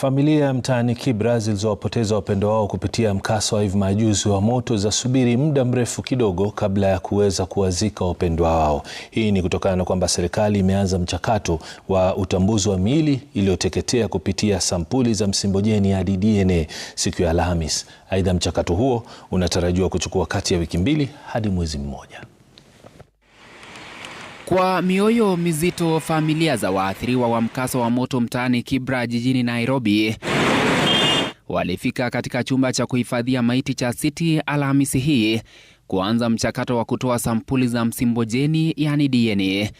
Familia ya mtaani Kibra zilizowapoteza wapendo wao kupitia mkasa wa hivi majuzi wa moto zasubiri muda mrefu kidogo kabla ya kuweza kuwazika wapendwa wao. Hii ni kutokana na kwamba serikali imeanza mchakato wa utambuzi wa miili iliyoteketea kupitia sampuli za msimbojeni hadi DNA siku ya Alhamis. Aidha, mchakato huo unatarajiwa kuchukua kati ya wiki mbili hadi mwezi mmoja. Kwa mioyo mizito, familia za waathiriwa wa mkasa wa moto mtaani Kibra jijini Nairobi walifika katika chumba cha kuhifadhia maiti cha City Alhamisi hii kuanza mchakato wa kutoa sampuli za msimbojeni yani DNA.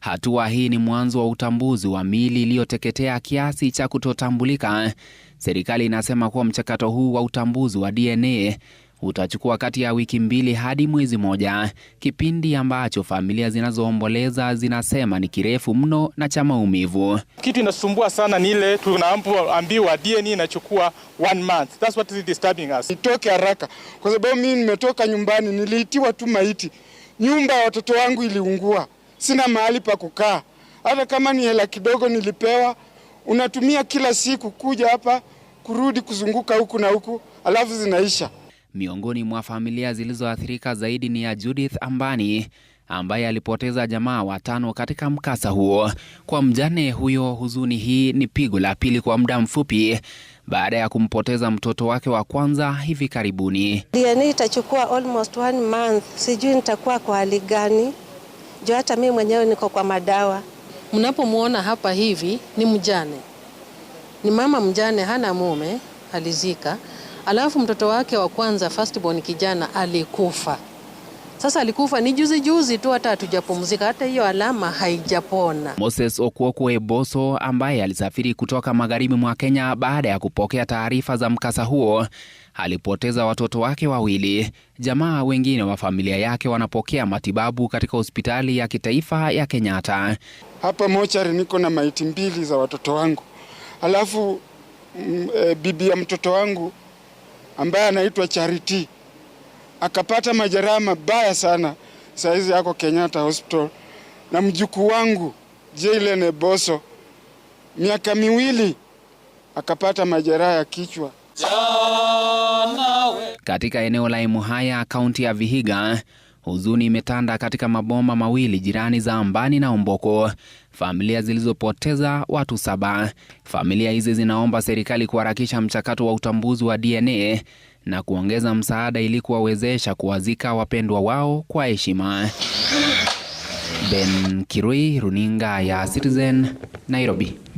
Hatua hii ni mwanzo wa utambuzi wa miili iliyoteketea kiasi cha kutotambulika. Serikali inasema kuwa mchakato huu wa utambuzi wa DNA utachukua kati ya wiki mbili hadi mwezi moja, kipindi ambacho familia zinazoomboleza zinasema ni kirefu mno na cha maumivu. Kitu inasumbua sana ni ile tunaambiwa DNA inachukua one month. That's what is disturbing us. Nitoke haraka kwa sababu mimi nimetoka nyumbani, niliitiwa tu maiti. Nyumba ya watoto wangu iliungua, sina mahali pa kukaa, hata kama ni hela kidogo nilipewa. Unatumia kila siku kuja hapa, kurudi, kuzunguka huku na huku, alafu zinaisha. Miongoni mwa familia zilizoathirika zaidi ni ya Judith Ambani ambaye alipoteza jamaa watano katika mkasa huo. Kwa mjane huyo, huzuni hii ni pigo la pili kwa muda mfupi baada ya kumpoteza mtoto wake wa kwanza hivi karibuni. DNA itachukua almost one month, sijui nitakuwa kwa hali gani juu hata mimi mwenyewe niko kwa madawa. Mnapomwona hapa hivi, ni mjane, ni mama mjane, hana mume, alizika alafu mtoto wake wa kwanza firstborn kijana alikufa. Sasa alikufa ni juzi juzi tu, hata hatujapumzika, hata hiyo alama haijapona. Moses Okuoku Eboso ambaye alisafiri kutoka magharibi mwa Kenya baada ya kupokea taarifa za mkasa huo alipoteza watoto wake wawili. Jamaa wengine wa familia yake wanapokea matibabu katika hospitali ya kitaifa ya Kenyatta. Hapa mochari niko na maiti mbili za watoto wangu, alafu mm, e, bibi ya mtoto wangu ambaye anaitwa Charity akapata majeraha mabaya sana, saizi yako Kenyatta Hospital. Na mjukuu wangu Jaylen Eboso miaka miwili akapata majeraha ya kichwa katika eneo la Imuhaya, kaunti ya Vihiga. Huzuni imetanda katika maboma mawili jirani za Ambani na Omboko, familia zilizopoteza watu saba. Familia hizi zinaomba serikali kuharakisha mchakato wa utambuzi wa DNA na kuongeza msaada ili kuwawezesha kuwazika wapendwa wao kwa heshima. Ben Kirui, runinga ya Citizen, Nairobi.